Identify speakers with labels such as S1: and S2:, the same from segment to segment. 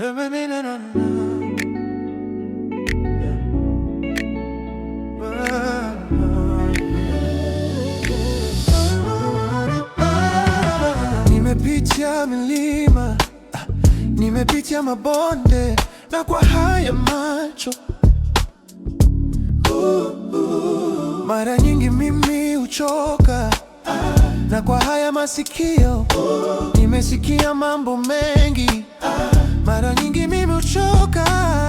S1: Nimepitia milima, nimepitia mabonde na kwa haya macho mara nyingi mimi huchoka na kwa haya masikio nimesikia mambo mengi. ma ninguém me machuca.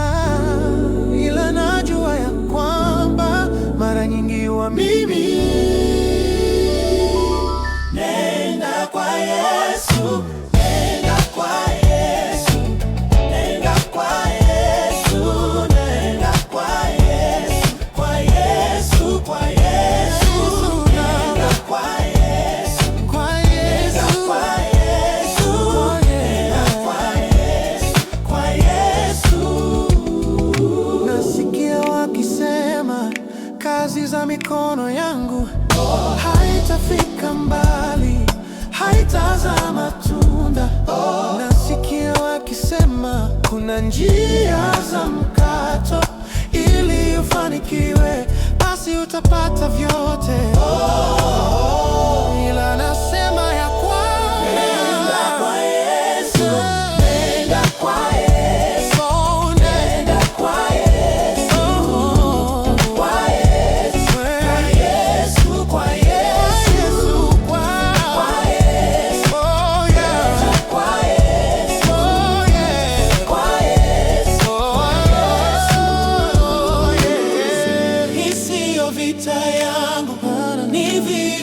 S1: mikono yangu oh, haitafika mbali, haitazaa matunda oh. Nasikia wakisema kuna njia za mkato, ili ufanikiwe basi utapata vyote.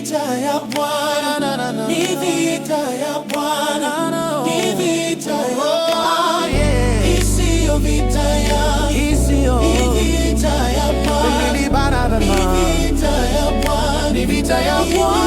S1: vita ya Bwana, ni vita ya Bwana, ni vita ya isiyo vita ya isiyo, vita ya Bwana, ni vita ya Bwana, ni vita ya Bwana